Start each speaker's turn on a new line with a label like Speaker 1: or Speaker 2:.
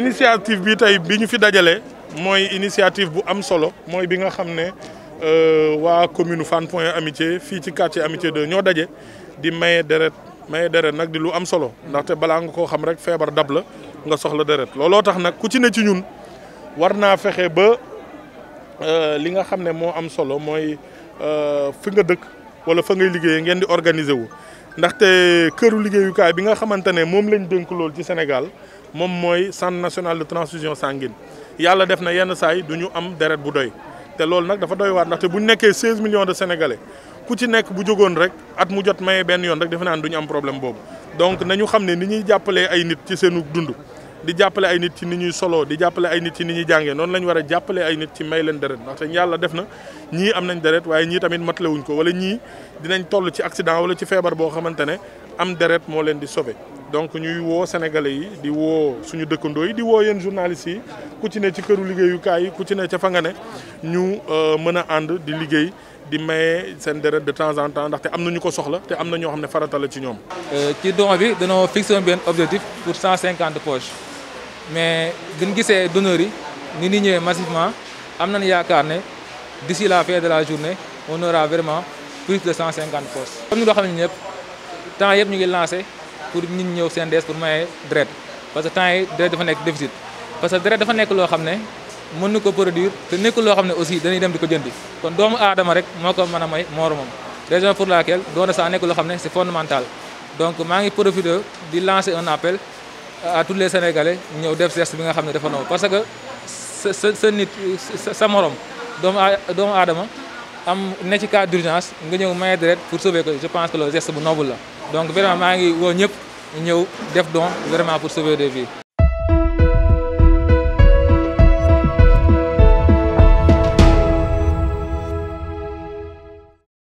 Speaker 1: initiative bi tay biñu fi dajalé moy initiative bu am solo moy bi nga xamné ne euh, wa commune fan Point Amitié fi ci quartier Amitié 2 ño daje di maye deret maye deret nag di lu am solo té balangko nga ko xam rek fièvre dab la nga soxla deret lolo tax nak ku ci ne ci ñun warna fexé ba euh li nga xamné ne am solo euh fi nga dëkk wala fa ngay liggéey ngeen di organiser wu. ndaxte liggéeyu kay bi nga xamante mom lañ dénk lool ci Sénégal. moom mooy centre national de transfusion sanguine yàlla def na yenn saay du ñu am deret bu doy te loolu nag dafa doy waat ndaxte bu nekkee 16 millions de sénégalais ku ci nekk bu jógoon rek at mu jot maye benn yoon rek defe naa ne du ñu am problème boobu. donc nañu xam ne ni ñuy jàppalee ay nit ci seenu dund di jàppale ay nit ci ni ñuy soloo di jàppale ay nit ci ni ñuy jàngee noonu la ñu war a jàppalee ay nit ci may leen deret ndaxte yàlla def na ñii am nañ deret waaye ñii tamit matalewuñ ko wala ñii dinañ toll ci accident wala ci feebar boo xamante ne am deret moo leen di sauver donc ñuy woo sénégalais yi di woo suñu dëkkandoo yi di woo yéen journalistes yi ku ci ne ci këru liggéeyukaay yi ku ci ne ca fa nga ne ñu euh, mën a ànd di liggéey di maye seen deret de temps en temps ndaxte am na ñu ko soxla te am na ñoo xam ne farata la ci ñoom. Euh, ci don bi dañoo fixé
Speaker 2: woon benn objectif pour cent cinquante poches mais gën gisee donneurs yi ni ñu ñëwee massivement am na nañu yaakaar ne d'ici la fin de la journée on aura vraiment plus de cent cinquante poches. comme ni nga xam ne ñëpp temps yëpp ñu ngi lancé. pour nit ñëw seen CNDS pour maye deret parce que temps yi dafa nekk déficit parce que deret dafa nekk loo xam ne mën na ko produire te nekkul loo xam ne aussi dañuy dem di ko jëndi kon doomu aadama rek moo ko mën a may moromam raison pour laquelle don de sang nekk loo xam ne c'est fondamental donc maa ngi profité di lancer un appel à les sénégalais ñëw def geste bi nga xam ne dafa naw parce que sa sa sa nit sa morom doomu doomu aadama am ne ci cas d'urgence nga ñëw maye deret pour sauver ko je pense que loolu geste bu noble la donc vraiment maa ngi woo ñëpp def vraiment pour sauver des vies.